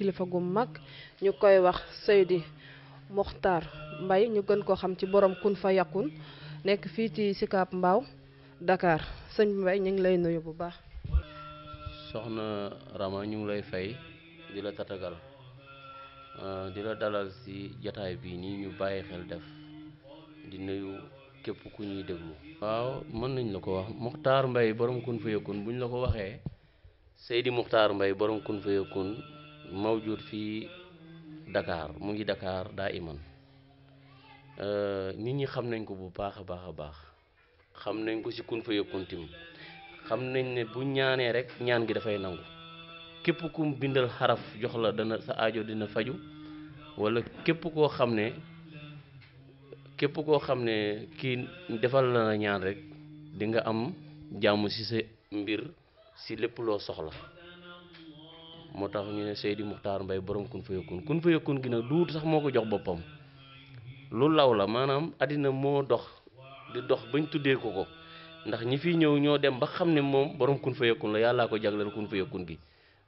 kilifa gu mag ñu koy wax Seydi Mokhtar mbay ñu gën koo xam ci boroom kun fa yàqun nekk fii ci Sicap Mbao dakaar sëñ Mbaye ñu ngi lay nuyu bu baax. soxna Rama ñu ngi lay fay di la tatagal euh, di la dalal ci jataay bi nii ñu bàyyi xel di nuyu képp ku ñuy déglu. nañ la ko wax Mokhtar Mbaye borom kun fa buñ la ko waxee Seydi Mokhtar Mbaye borom kun fa yàqun mawjur fi Dakar mu ngi Dakar daiman euh nit ñi xam nañ ko bu baaxa baaxa baax xam nañ ko si kun fa yëkkuntim xam nañ ne bu ñaané rek ñaan gi fay nangu kep ku bindal xaraf jox la dana sa aajo dina faju wala kep ko xamne kep ko xamne ki defal la ñaan rek di nga am jàmm ci sa mbir ci lepp lo soxla moo tax ñu ne Seydi Muxtaar Mbay borom kun fa yokkun kun fa gi nag duut sax moo ko jox boppam lu law la maanaam àddina moo dox di dox bañ tuddee ko ko ndax ñi fiy ñëw ñoo dem ba xam ne moom borom kun fa yokkun la yàllaa ko jagleel kun fa yokkun gi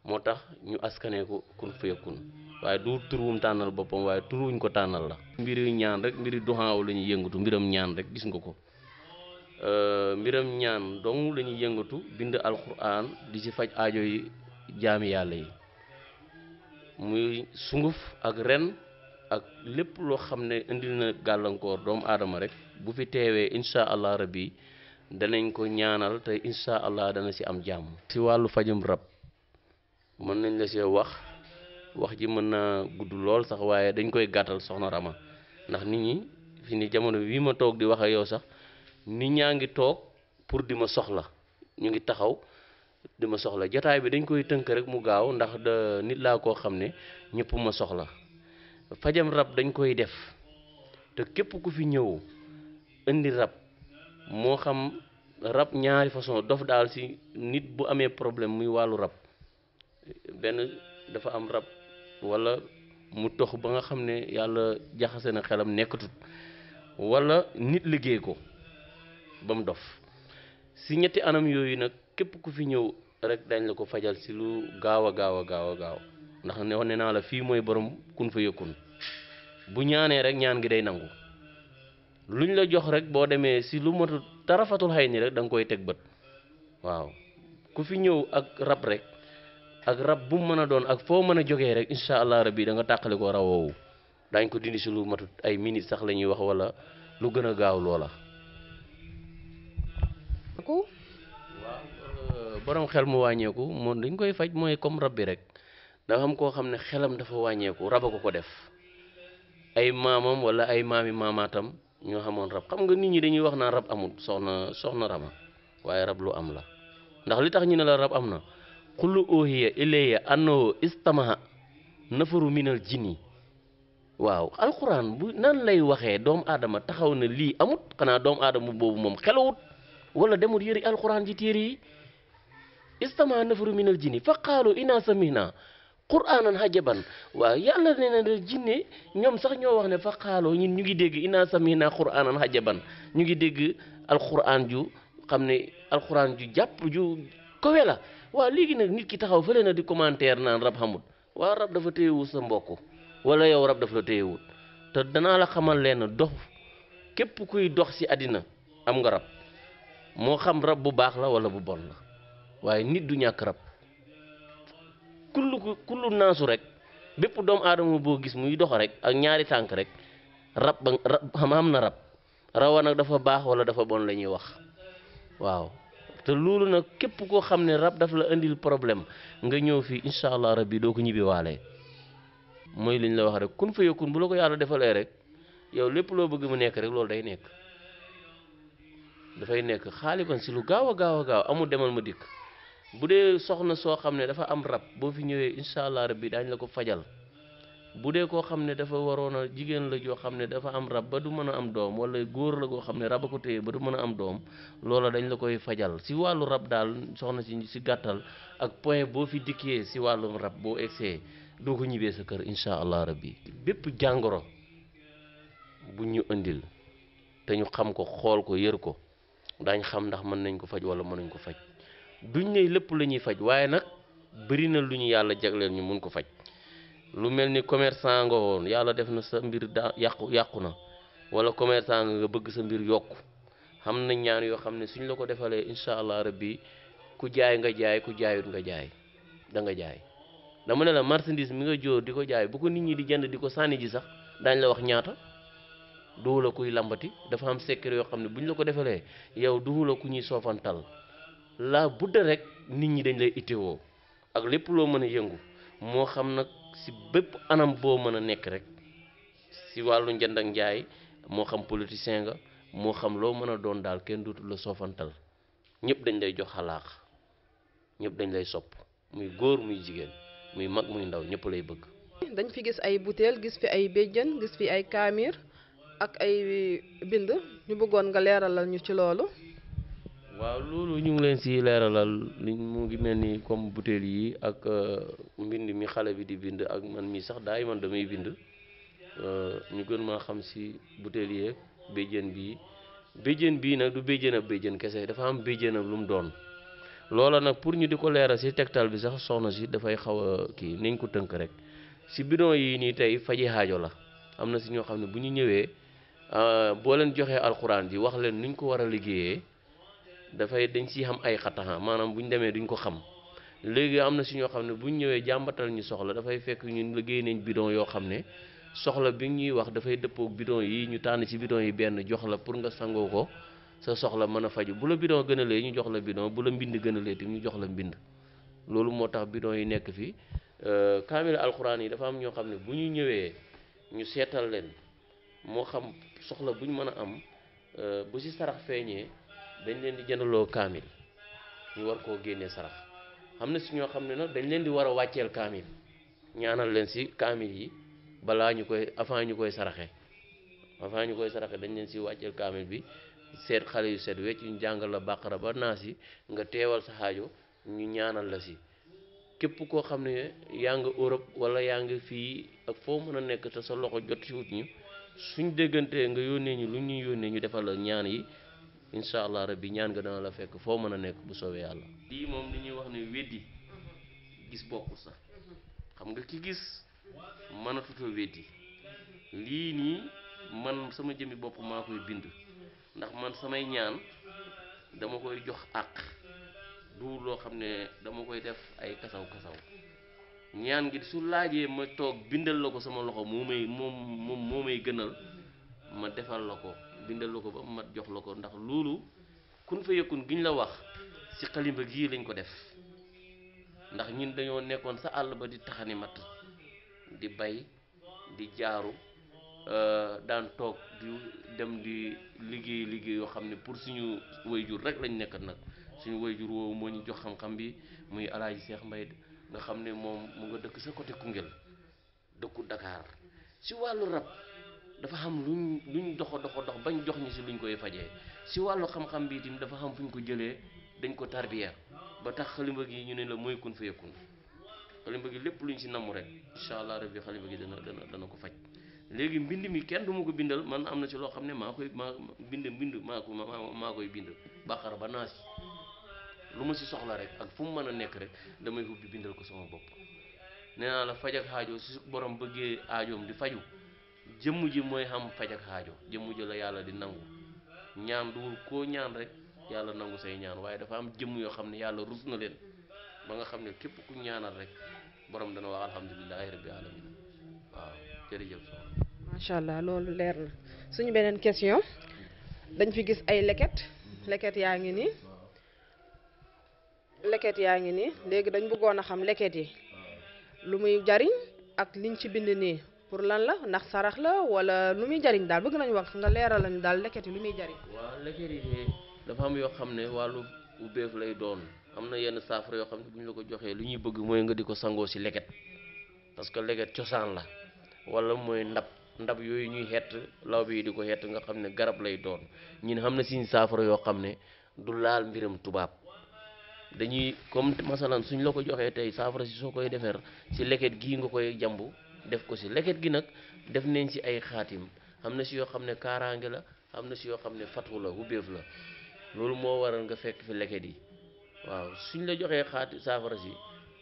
moo tax ñu askanee ko kun fa yokkun waaye du turuwum tànnal boppam waaye turuwuñ ko tànnal la mbiri ñaan rek mbiri duxaaw lañuy ñuy yëngatu mbiram ñaan rek gis nga ko mbiram ñaan dong la ñuy yëngatu bind alquran di aajo yi jaami yàlla yi muy sunguf ak ren ak lépp loo xam ne indi na gàllankoor doomu aadama rek bu fi teewee incha allah rabbi danañ ko ñaanal te incha allah dana ci am jàmm. ci wàllu fajum rab mën nañ la see wax wax ji mën na gudd lool sax waaye dañ koy gàttal soxna Rama ndax nit ñi fi ni jamono bii ma toog di wax ak yow sax nit ñaa ngi toog pour di ma soxla ñu ngi taxaw. di ma soxla jataay bi dañ koy tënk rek mu gaaw ndax da nit laa koo xam ne ñëpp ma soxla fajam rab dañ koy def te képp ku fi ñëw indi rab moo xam rab ñaari façon dof daal si nit bu amee problème muy wàllu rab benn dafa am rab walla mu tox ba nga xam ne yàlla jaxase na xelam nekkatut walla nit liggéey ko ba mu dof si ñetti anam yooyu nag képp ku fi ñëw rek dañ la ko fajal gawa lu gawa gawa, gaaw a gaaw ndax ne wane na la fi moy borom kun fa yekun bu ñaané rek ñaan gi day nangu luñ la jox rek bo démé ci lu matu tarafatul hayni rek dang koy tek bët waaw ku fi ñew ak rab rek ak rab bu mëna doon ak fo mëna joggé rek insha allah rabbi da nga takalé ko rawoowu dañ ko dindi ci lu matut ay minute sax lañuy wax wala lu gën a gaaw loola borom xel mu wañeku mon dañ koy faj moy comme rabbi rek da xam ko xamne xelam dafa wañeku raba ko ko def ay mamam wala ay mami mamatam ño xamone rab xam nga nit ñi dañuy wax na rab amul soxna soxna rama waye rab lu am la ndax li tax ñu ne la rab amna qul uhiya ilayya annahu istamaha nafaru minal jinni waaw alquran bu nan lay waxe dom adama taxaw na li amut xanaa dom adama bobu mom xelawut wala demul yëri alquran ji tiri istama nafru min jinni fa ina samina Quranan hajaban wa yàlla nee na jinne ñoom sax ñoo wax ne fa qaaloo ñu ngi deg ina samina Quranan hajaban ñu ngi al alquran ju xamne al alquran ju japp ju kowe la waaw léegi nag nit ki taxaw fele na di commentaire nan rab hamoud wa rab dafa teyewu sa mbokk wala yow rab dafa teyewu te dana la xamal len dox kep kuy dox si adina am nga rab mo xam rab bu bax la wala bu bon la waye nit du ñak rab kullu kullu nasu rek bepp doom adamu bo gis muy dox rek ak ñaari tank rek rab ba xam na rab rawa nak dafa bax wala dafa bon lañuy wax waaw te loolu nak kep ko xamne daf la andil problème nga ñew fi inshallah allah rabbi do ko walé moy liñ la wax rek kun fa yakun bu la ko yàlla defalee rek yow lepp lo bëgg mu nekk rek loolu day nekk fay nekk xaliban ci lu gaaw amu demal ma dikk bu dee soxna soo xam ne dafa am rab boo fi ñëwee incha allah rab bi daañ la ko fajal bu dee koo xam ne dafa waroon a jigéen la joo xam ne dafa am rab ba du mën a am doom wala góor la goo xam ne rab a ko téye ba mën a am doom loola dañ la koy fajal si wàllu rab daal soxna si si gàttal ak point boo fi dikkee si wàllum rab boo egsee doo ko ñibbee sa kër incha allah bi bépp jàngoro bu ñu indil te ñu xam ko xool ko yër ko dañ xam ndax mën nañ ko faj wala nañ ko faj duñ ne lépp la ñuy faj waaye nag bëri na lu ñu yàlla jagleel ñu mun ko faj lu mel ni commerçant nga woon yàlla def na sa mbir daa yàqu yàqu na wala commerçant nga bëgg sa mbir yokk xam na ñaan yoo xam ne suñ la ko defalee incha allah rabbi ku jaay nga jaay ku jaayut nga jaay da nga jaay dama ne la marchandise mi nga jóor di ko jaay bu ko nit ñi di jënd di ko sànni ji sax daañ la wax ñaata duhula kuy lambati dafa am secret yoo xam ne buñ la ko defalee yow duhula ku ñuy soofantal la budda rekk nit ñi dañ lay itteewoo ak lépp loo mën a yëngu moo xam nag si bépp anam boo mën a nekk rek si wàllu njënd ak njaay moo xam politicien nga moo xam loo mën a doon daal kenn dootul la soofantal ñëpp dañ lay jox xalaax ñëpp dañ lay sopp muy góor muy jigéen muy mag muy ndaw ñëpp lay bëgg. dañ fi gis ay butéel gis fi ay béjjën gis fi ay kaamir ak ay bind ñu bëggoon nga leeralal ñu ci loolu. waaw loolu ñu ngi leen si leeralal li mu ngi mel ni comme butéel yi ak euh, mbind mi xale bi di bind ak man mi sax daay man damay bind euh, ñu gën maa xam si butéel yeeg béjjén bii béjjén bii nag du béjjén ab béjjén kese dafa am béjjén ak lu mu doon loola nag pour ñu di ko leeral si tegtal bi sax soxna si dafay xaw a kii nañ ko tënk rek si bidon yi nii tey faji xaajo la am na si ñoo xam ne bu ñu ñëwee euh, boo leen joxee alxuraan bi wax leen nuñ ko war a liggéeyee dafay dañ siy am ay xataxan maanaam bu ñu demee duñ ko xam léegi am na si ñoo xam ne bu ñu ñëwee jàmbatal ñu soxla dafay fekk ñun liggéey nañ bidon yoo xam ne soxla bi ñuy wax dafay dëppoog bidon yi ñu tànn ci bidon yi benn jox la pour nga sangoo ko sa soxla mën a faju bu la bidon gënalee ñu jox la bidon bu la mbind gënalee tam ñu jox la mbind loolu moo tax bidon yi nekk fii euh, kaamil alxuraan yi dafa am ñoo xam ne bu ñu ñëwee ñu seetal leen moo xam soxla bu ñu mën a am euh, bu si sarax feeñee dañ leen di jëndaloo kaamil ñu war koo génnee sarax xam na si ñoo xam ne nag dañ leen di war a wàcceel kaamil ñaanal leen si kaamil yi balaa ñu koy avant ñu koy saraxe avant ñu koy saraxe dañ leen si wàcceel kaamil bi seet xale yu seet wecc ñu jàngal la bàqara ba naa si nga teewal sa xaajo ñu ñaanal la si képp koo xam ne yaa nga Europe wala yaa nga fii ak foo mën a nekk te sa loxo jot si wut ñi suñ déggantee nga yónnee ñu lu ñuy yónnee ñu defal ñaan yi incha allah rabbi ñaan nga dana la fekk fo meuna nek bu soobee yalla lii mom ni wax ni weddi mhm. gis bokku sax mhm. xam nga ki gis mënatuta weddi li ni man sama jëmi bop ma koy bind mhm. ndax man samay ñaan dama koy jox ak du lo xamne ne dama koy def ay kasaw kasaw ñaan gi su laaje ma tok bindal lako sama loxo momay mom momay gënal ma defal lako bindal la ba mat jox la ndax lulu kun fa yekun giñ la wax si xalimba gi lañ ko def ndax ñin dañoo nekkon sa àll ba di taxani mat di bay di jaaru euh, daan tok di dem di liggey liggey yo xamne pour suñu wayjur rek lañ nekk nak suñu wayjur wo mo ñu jox xam-xam bi muy alaaji cheikh mbay nga xamne ne mu nga dëkk sa côté Koungheul dëkku Dakar si walu rap dafa xam luñ luñ doxo doxo dox bañ jox ñi ci luñ koy fajee si wàllu xam-xam bi tim dafa xam fuñ ko jëlee dañ ko tarbiya ba tax xalimba gi ñu ne la moy kun fa xalimba gi lépp luñ si namu rek allah rabbi xalimba gi dana dana dana ko faj léegi mbind mi kenn duma ko bindal man am na loo xam ne maa koy maa bind mbind maa ko maa koy bind bàqar ba lu ma si soxla rek ak fu mu mën a nekk rek damay hubbi bindal ko sama bopp nee naa la faj ak aajo su borom bëggee aajoom di faju jëmm ji mooy am faj ak xaajo jëmm ji la yàlla di nangu ñaan duwul koo ñaan rek yàlla nangu say ñaan waaye dafa am jëmm yoo xam ne yàlla rus na leen ba nga xam ne képp ku ñaanal rek borom dana wax alhamdulilahi rabbi alamin waaw jërëjëf so macha allah loolu leer na suñu beneen question dañ fi gis ay leket leket yaa ngi nii leket yaa ngi nii léegi dañ bëggoon a xam leket yi lu muy jariñ ak liñ ci bind nii pour lan la ndax sarax la wala lu muy jariñ daal bëgg nañu wax nga leeral lañu daal leket yi lu muy jariñ waaw leket yi dafa am yoo xam ne wàllu ubbeef lay doon am na yenn saafara yoo xam ne la ko joxee lu ñuy bëgg mooy nga di ko sangoo ci leket parce que leket cosaan la wala mooy ndab ndab yooyu ñuy xett law bi di ko xett nga xam ne garab lay doon ñun xam na siñ saafara yoo xam ne du laal mbiram tubaab dañuy comme masalan suñ la ko joxee tey saafara si soo koy defar si leket gii nga koy jambu def ko ci leket gi nak def nañ ci ay khatim amna ci yo xamne karange la amna ci yo xamne fatu la ubbeef la loolu mo waral nga fekk fi leket yi waaw suñ la joxe khatim safara ci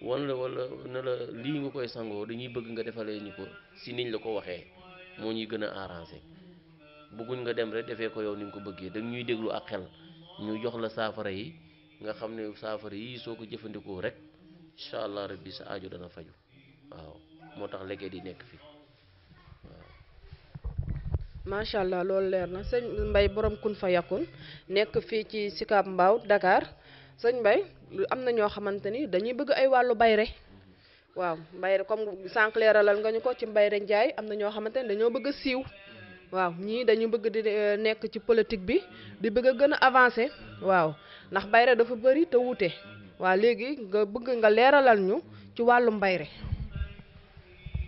won la wala na la li nga koy sango dañuy bëgg nga defale ñu ko si niñ la ko waxe mo ñuy gëna arranger bëggun nga dem rek defé ko yow niñ ko bëggé dañ ñuy déglu ak xel ñu jox la safara yi nga xamne safara yi soko jëfëndiko rek inshallah rabbi sa aju dana faju waaw motax tax di nek fi ma sha allah lol leer na señ mbay borom kun fa yakun nek fi ci sikap mbaw Dakar señ mbay amna ño xamanteni dañuy bëgg ay walu bayre waaw mbayre comme sank leralal nga ñu ko ci mbayre njaay amna ño xamanteni dañu bëgg siiw waaw ñi dañu bëgg di eh, nek ci politique bi di bëgg gëna avancer waaw ndax bayre dafa bëri te wuté waaw légui nga bëgg nga leeralal ñu ci walu mbayre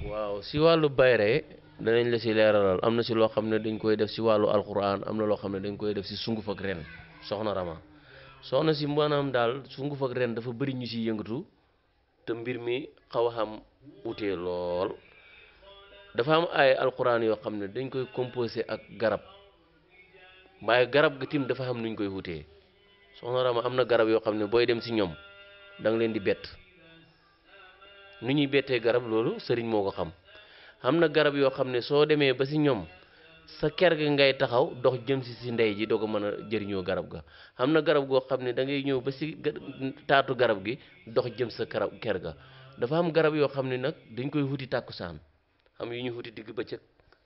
Wow, si wàllu bayre danañ la si leeralal Amna na si loo xam ne dañ koy si wàllu alquran am na loo xam ne dañ koy si sunguf ak ren rama soxna si maanaam daal sunguf ak ren dafa bëri ñu si yëngatu te mbir mi xaw a xam am ay alquran yoo xam ne dañ koy composé ak garab waaye garab ga tim dafa xam nuñ koy wutee rama amna na garab yoo xam ne booy dem si ñoom da nga di bett nu ñuy bettee garab loolu sëriñ moo ko xam am na garab yoo xam ne soo demee ba si ñoom sa ker gi ngay taxaw dox jëm si ndey ji doo ko mën a jëriñoo garab ga am na garab goo xam ne da ñëw ba si taatu garab gi dox jëm sa garab ker ga dafa am garab yoo xam ne nag dañ koy wuti tàkkusaan am yu ñuy wuti digg bëccëg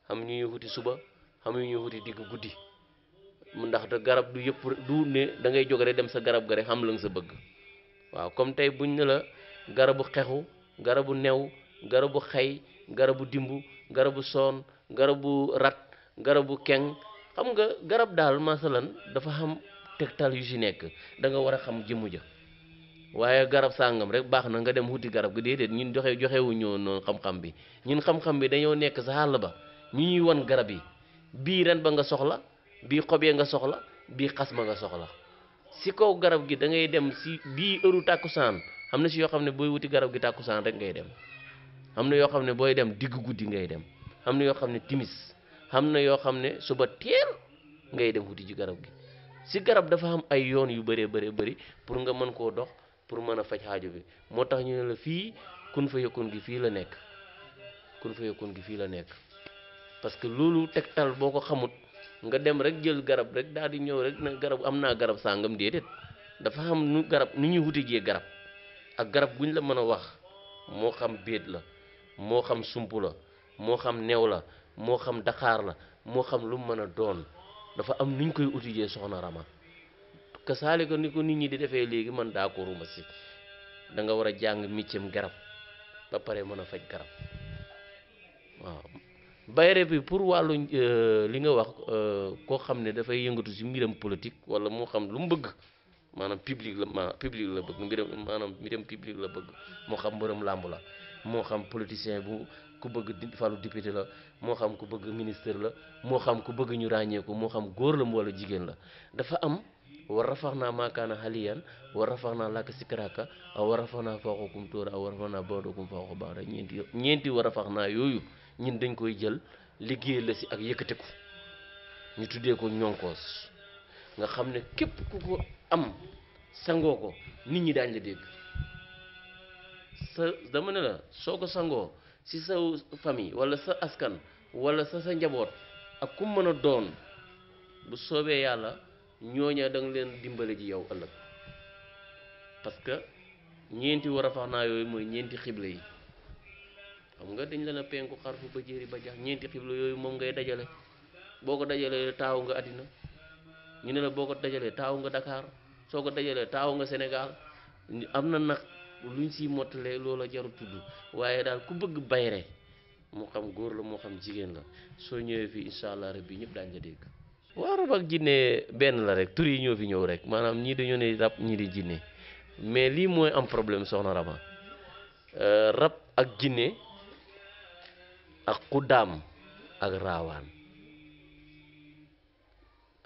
am yu ñuy wuti suba am yu ñuy wuti digg guddi ndax te garab du yëpp du ne da ngay jóg rek dem sa garab ga rek xam la nga sa bëgg waaw comme tey buñ ne la garabu xexu garabu new garabu xey garabu dimbu garabu son garabu rat garabu keng xam nga garab dal masalan dafa xam tektal yu ci nek da nga wara xam jimu ja waye garab sangam rek baxna nga dem huti garab gu dedet ñun joxe wu ñoo non xam-xam bi ñun xam-xam bi dañu nek sa hal ba ñu ñuy wan garab yi bi ren ba nga soxla bi xobe ya nga soxla bi xasma nga soxla si ko garab gi da ngay dem si bi euro takusan amna ci yo xamne boy wuti garab gi takusan rek ngay dem amna yo xamne boy ne dem dig guddi ngay dem amna yo xamne timis amna yo xamne suba teel ngay dem wuti ci garab gi si garab dafa am ay yoon yu bare bare bare pour nga man ko dox pour meuna fajj faj bi motax ñu ne la fi kun fa yekun gi fi la nek kun fa yekun gi fi la nek parce que lolu tektal boko xamut nga dem rek jël garab rek daal di ñew rek na garab amna garab sangam dedet dafa am nu garab nu ñu wuti ci garab ak garab mana la mëna wax mo xam beet la mo xam sumpu la mo xam new la mo xam dakar la mo xam lu mëna doon dafa am nuñ koy utiliser soxna rama kasaale ko ni ko nit ñi di defee légui man da ko ruma ci da nga wara jang jàng garab ba paré mëna fajj garab waaw bayré bi pour wàllu euh, li nga wax euh, ko xamné da fay yëngatu ci mbiram politique wala mo xam lu mu bëgg manam public la ma public la bëgg mbiram manam mbiram public la bëgg mo xam mbërëm làmb la mo xam politicien bu ku bëgg falu député la mo xam ku bëgg ministre la mo xam ku bëgg ñu ko mo xam goor la wala jigen la dafa am wa rafa'na ma kana haliyan wa rafa'na lak sikraka wa rafa'na fawqakum rafax wa rafa'na bawdakum fawqa war ñenti ñenti wa rafa'na yoyu ñin dañ koy jël liggéey la ci ak yëkëte ko ñu tuddé ko ñonkoos nga xam ne képp ku ko am sangoo ko nit ñi daañ la dégg sa dama ne la soo ko sangoo si sa fami wala sa askan wala sa sa njaboot ak ku mën a doon bu soobee yàlla ñooña da leen dimbali ji yow ëllëg parce que ñeenti war a fax naa yooyu mooy ñeenti xible yi xam nga dañ leen a penku xarfu ba jéeri ba jax ñeenti xible yooyu moom ngay dajale boo ko dajalee taaw nga àddina ñu ne la boo ko dajalee taaw nga dakaar soo ko dajalee taaw nga Sénégal am na nag luñ si mottalee loola jarul tudd waaye daal ku bëgg bayre moo xam góor la moo xam jigéen la soo ñëwee fii incha allah rabbi ñëpp daañu la dégg. waaw rab ak jinne benn la rek tur yi ñoo fi ñëw rek maanaam ñii dañoo ne rab ñii di jinne mais lii mooy am problème soxna raba euh, rab ak jinne ak ku xuddaam ak raawaan.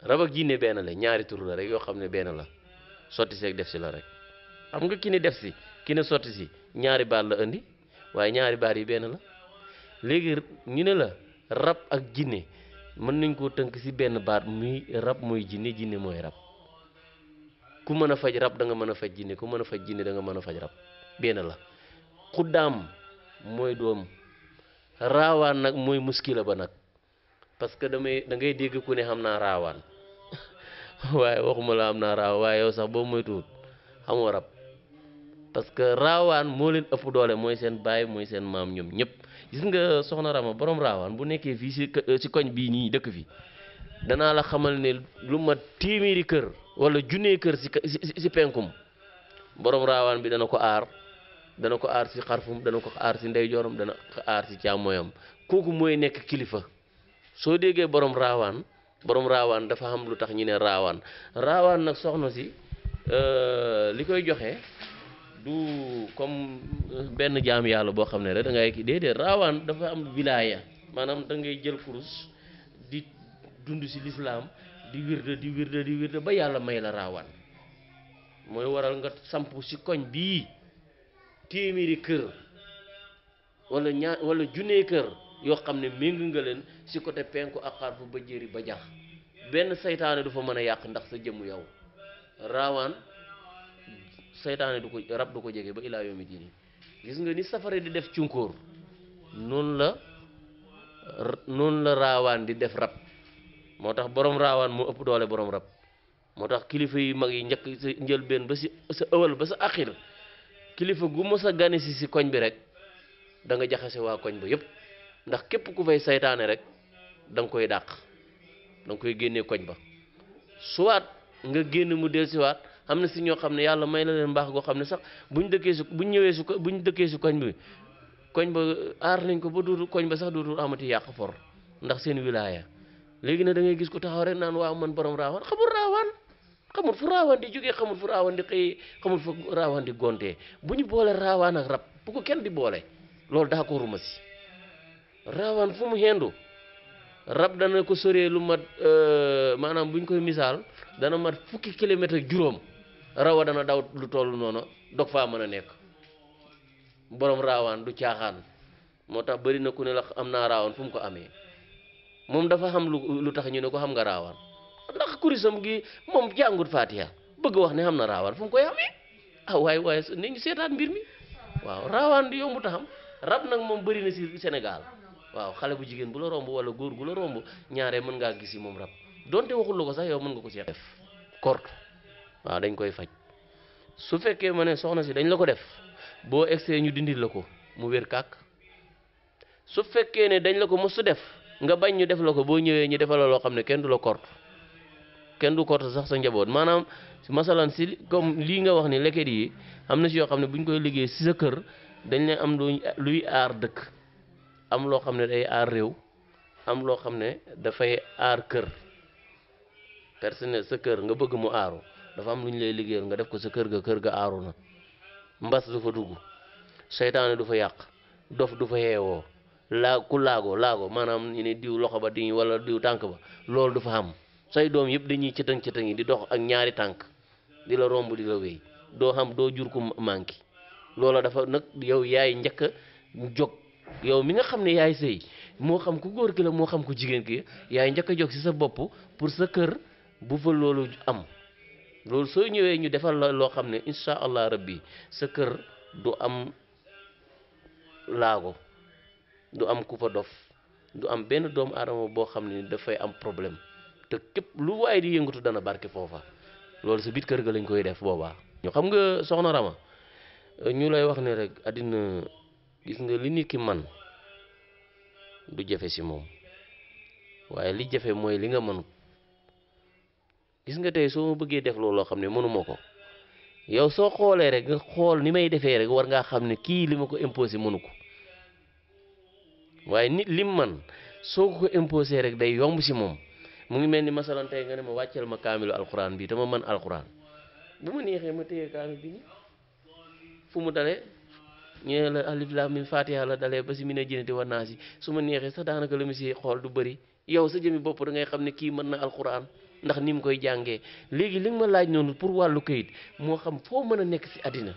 raba ak jinne la ñaari tur la rek yo xam ne la soti si ak def ci la rek xam nga ki ne def si ki ne soti si ñaari bal la andi waaye ñaari baat yi ben la léegi ñu ne la rab ak jinne mën nañ ko teunk ci ben bar muy rab mooy jinne jinne moy rab ku mën faj rab da nga mën faj jinne ku faj jinne da nga faj rab ben la khudam moy dom rawan nak moy muskila ba nak parce que damay da ngay deg ku ne xamna rawan waaye waxuma la am naa raaw waaye yow sax boo moytuwul xamoo rab parce que raawaan moo leen ëpp doole mooy seen baay mooy seen maam ñoom ñëpp gis nga soxna Rama boroom raawaan bu nekkee fii si si koñ bii nii dëkk fi danaa la xamal ne lu ma téeméeri kër wala junnee kër si si penkum borom raawaan bi dana ko aar dana ko aar si xarfum dana ko aar si ndeyjooram dana ko aar si càmmooyam kooku mooy nekk kilifa soo déggee boroom raawaan borom rawan, dafa xam lu tax ñu rawan. Rawan raawaan nag soxna si euh, joxe du comme euh, ben jam yalla bo xamne rek da ngay kii déedéet rawan dafa am wilaya manam da ngay jël kurus di dund ci l'islam di wirde di wirde di wirde ba yalla may la rawan moy waral nga samp ci koñ bi kër wala wala juné kër yo xamne ne nga len si côté penku ak xarfu ba jeri ba jax ben saytane du fa meuna yak ndax sa jëm yow rawan saytane du ko rab du ko jégué ba ila yomi gis nga ni di def ciunkor non la non la rawan di def rab motax borong borom rawan mo upp doole borom rab motax kilifa yi mag yi ñek ñeul ben ba ci sa ëwal ba sa akhir kilifa gu mo sa gane si ci koñ bi rek da nga jaxase wa koñ ba yépp ndax képp ku fay saytaane rek danga koy dàq da koy génne koñ ba soit nga génn mu del siwaat am na si ñoo xam ne yàlla may na leen mbaax goo xam ne sax buñ dëkkee si buñ ñëwee si buñ dëkkee si koñ bi koñ ba aar nañ ko ba dootul koñ ba sax dootul amati yàq for ndax seen wilaaya léegi nag dangay gis ko taxaw rek naan waaw man borom raawaan xamul raawaan xamul fu raawaan di jógee xamul fu raawaan di xëyee xamul fu raawaan di gontee bu ñu boole raawaan ak rab bu ko kenn di boole loolu daa ko si rawan fu mu rab dana ko sore lu mat euh, manam buñ koy misal dana mat fukki kilometre jurom, rawa dana daw lu tollu nono dok fa meuna nek borom rawan du tiaxan motax bari na ku ne la amna rawan fu ko amé mom dafa xam lu lu tax ñu ne ko xam nga rawan ndax kurisam gi mom fatiha bëgg wax ne amna rawan fu mu koy amee ah waaye waaye nañu seetaat mbir mi waaw rawan di yombu taxam rab nang mom bari na ci Sénégal waaw xale bu jigéen bu la romb wala góor gu la romb ñaaree mën ngaa gis yi moom rab donte waxul la ko sax yow mën nga ko see def kort waaw dañ koy faj su fekkee ma ne soxna si dañ la ko def boo egsee ñu dindi la ko mu wér kàkk su fekkee ne dañ la ko mësu def nga bañ ñu def la ko boo ñëwee ñu defal loo xam ne kenn du la kort kenn du kort sax sa njaboot maanaam masalan si comme lii nga wax ni leket yi am na si yoo xam ne buñ koy liggéey si sa kër dañ leen am luy aar dëkk am loo xam ne day aar réew am loo xam ne dafay aar kër personnel sa kër nga bëgg mu aaru dafa am lu ñu lay liggéeyal nga def ko sa kër ga kër ga aaru na mbas du fa dugg seytaane du fa yàq dof du fa yeewoo laa ku laago laago maanaam ñu ne diw loxo ba di wala diw tànk ba loolu du fa am say doom yëpp dañuy cëtëng cëtëng yi di dox ak ñaari tànk di la romb di la wéy doo xam doo jur ko manqué loola dafa nag yow yaay njëkk jóg yow mi nga xam ne yaay sëy moo xam ku góor ki la moo xam ku jigéen ki yaay njëkk a jóg ci sa bopp pour sa kër bu fa loolu am loolu soo ñëwee ñu defal la loo xam ne incha allah bi sa kër du am laago du am ku fa dof du am benn doomu aadama boo xam ne dafay am problème te képp lu waaye di yëngatu dana barke foofa loolu sa biit kër gi lañ koy def boobaa. ñu xam nga soxna Rama ñu lay wax ne rek àddina gis nga li nit ki man du jafé ci mom waye li jafé moy li nga man gis nga tay so ma def looloo xam ne mënuma ko yow so xolé rek nga xol ni may défé rek war nga xamné ki kii ko imposé mënu ko waye nit lim man ko imposé rek day yomb ci mom mu ngi melni masalan tay nga ne ma waccel ma kamilu alquran bi dama man alquran bu ma neexee ma téyé kaamil bi fu mu ñu ne la alif laam mim fatiha la dalee ba si mu ne jënati wa naas yi su ma neexee sax daanaka la mu si xool du bëri yow sa jëmi bopp dangay ngay xam ne kii mën na alquran ndax ni mu koy jàngee léegi li ma laaj noonu pour wàllu kayit moo xam foo mën a nekk si àddina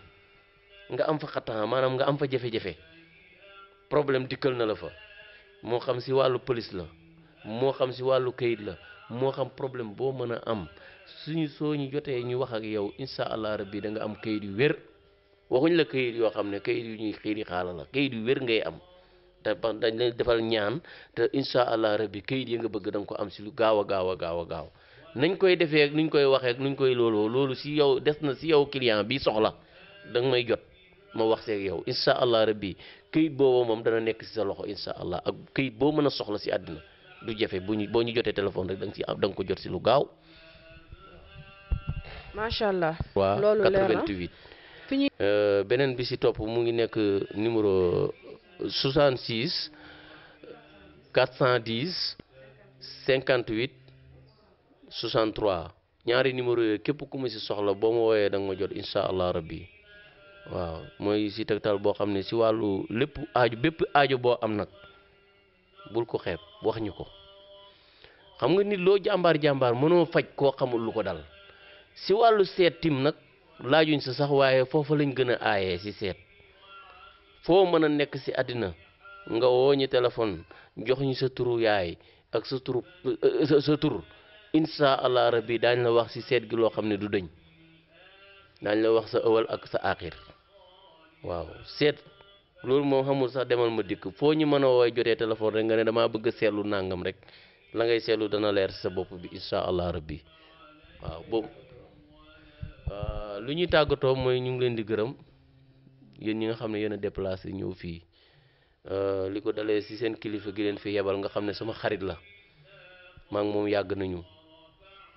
nga am fa xattan maanaam nga am fa jafe-jafe problème dikkal na la fa moo xam si wàllu police la moo xam si wàllu kayit la moo xam problème boo mën a am suñu soo ñu jotee ñu wax ak yow incha allah da nga am kayit yu wér. waxuñ la këyit yoo xam ne këyit yu ñuy xiiri xaala la këyit yu wér ngay am te dañ lay defal ñaan te incha allah rabbi këyit yi nga bëgg da ko am si lu gaaw a gaaw a gaaw a gaaw nañ koy defee nuñ koy waxee nuñ koy looloo loolu si yow des na si yow client bi soxla da nga jot ma wax seeg yow incha allah rabbi këyit boobu moom dana nekk si sa loxo incha allah ak këyit boo mën a soxla si àddina du jafe bu ñu boo ñu jotee téléphone rek da nga si da jot si lu gaaw. macha allah. leer na fi euh benen bi ci top mu ngi nek numéro 66 410 58 63 ñaari numéro yooyu képp ku ma ci soxla bo mo woyé da nga ma jot inshallah allah rabbi waaw moy ci tektal bo xamné ci walu lepp aaju bepp aaju bo am nak bul ko xeeb wax ñuko xam nga nit lo jambar jambar mëno faj ko xamul lu ko dal ci walu seet nak lajuñ sa sax waye fofu lañ gëna ayé ci si fo mëna mën a nekk si adina, nga woo ñu téléphone jox ñu sa turu yaay ak sa turu euh, sa tur incha allah rabbi dañ la wax si sét gi lo xamné ne du deñ dañ la wax sa awal ak sa akhir waaw sét lool mo xamul sax demal ma dik fo ñu mëna way wooy téléphone rek nga né dama bëgg sélu nangam rek la ngay sélu dana leer sa bop bi incha allah rabbi waaw Euh, lu ñuy tàggatoo mooy ñu ngi leen di gërëm yéen ñi nga xam ne yéen a déplacé ñëw fii euh, li ko dalee si seen kilifa gi leen fi yebal nga xam ne sama xarit la maa ngi moom yàgg nañu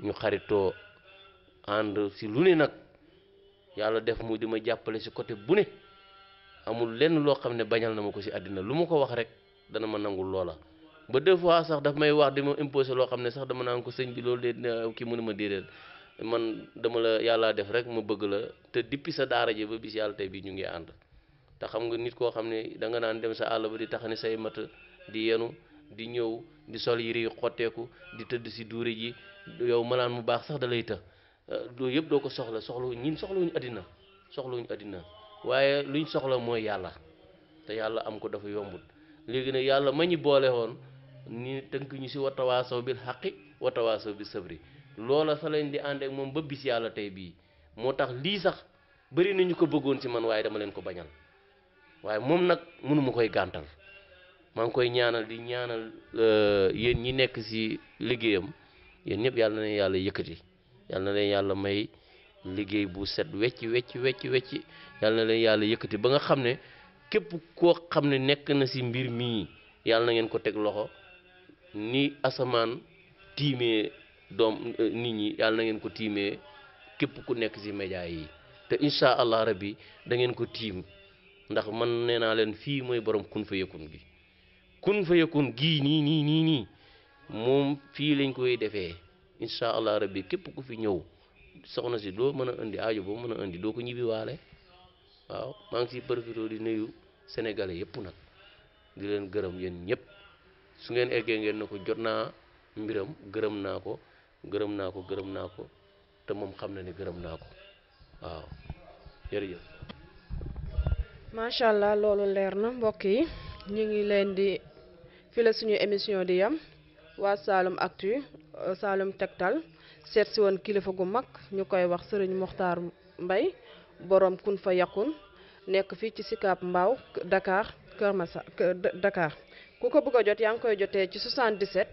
ñu xaritoo ànd si lu ne nag yàlla def mu di ma jàppale si côté bu ne amul lenn loo xam ne bañal na ma ko si àddina lu ma ko wax rek dana ma nangul loola ba deux fois sax daf may wax di ma imposé loo xam ne sax dama naan ko sëñ bi loolu de kii mu ne ma déedéet man dama la yalla def rek mu bëgg la te dipi sa daara ji ba bis yalla tay bi ñu ngi and ta xam nga nit ko xamne da nga naan dem sa àll bu di taxani say mat di yenu di ñew di sol yiri xoteeku di tëdd ci duure ji yow malaan mu baax sax da lay të do yeb do ko soxla soxlu ñin adina soxlu ñu adina waye luñ soxla moy yalla te yalla am ko dafa yombul léegi nag yalla mañi boole hon ni teunk ñu ci watawaso bil haqi watawaso bis sabri loola sa lañ di ànd moom ba bis yàlla tey bii moo tax lii sax bëri nañu ko bëggoon ci man waaye dama leen ko bañal waaye moom nag mënuma koy gàntal maa ngi koy ñaanal di ñaanal euh, yéen ñi nekk ci liggéeyam yéen ñëpp yàlla na leen yàlla yëkkati yàlla na leen yàlla may liggéey bu set wecc wecc wecc wecc yàlla na leen yàlla yëkkati ba nga xam ne képp koo xam ne nekk na ci mbir mii yàlla na ngeen ko teg loxo ni asamaan tiimee doom euh, nit ñi yàlla na ngeen ko tiimee képp ku nekk ci média yi te incha allah rabbi da ngeen ko tiim ndax man nee naa leen fii mooy borom kun fa yëkkun gi kun fa yëkkun gii nii nii nii moom fii lañ koy defee incha allah rabbi képp ku fi ñëw soxna si doo mën a indi ajo boo mën a indi doo ko ñibbi waale waaw maa ngi ciy profité di nuyu sénégalais yépp nag di leen gërëm yéen ñëpp su ngeen eggee ngeen ne ko jot naa mbiram gërëm naa ko gërëm naa ko gërëm naa ko te moom xam na ni gërëm naa ko waaw jërëjëf. macha allah loolu leer na mbokk yi ñu ngi leen di fi la suñu émission di yam waa Saloum Actu euh, Saloum Tektal seet si woon kilifa gu mag ñu koy wax Serigne Mokhtar Mbaye borom kun fa yakun nekk fii ci Sicap Mbaw Dakar Kër Massa Dakar ku ko bëgg a jot yaa ngi koy jotee ci 77.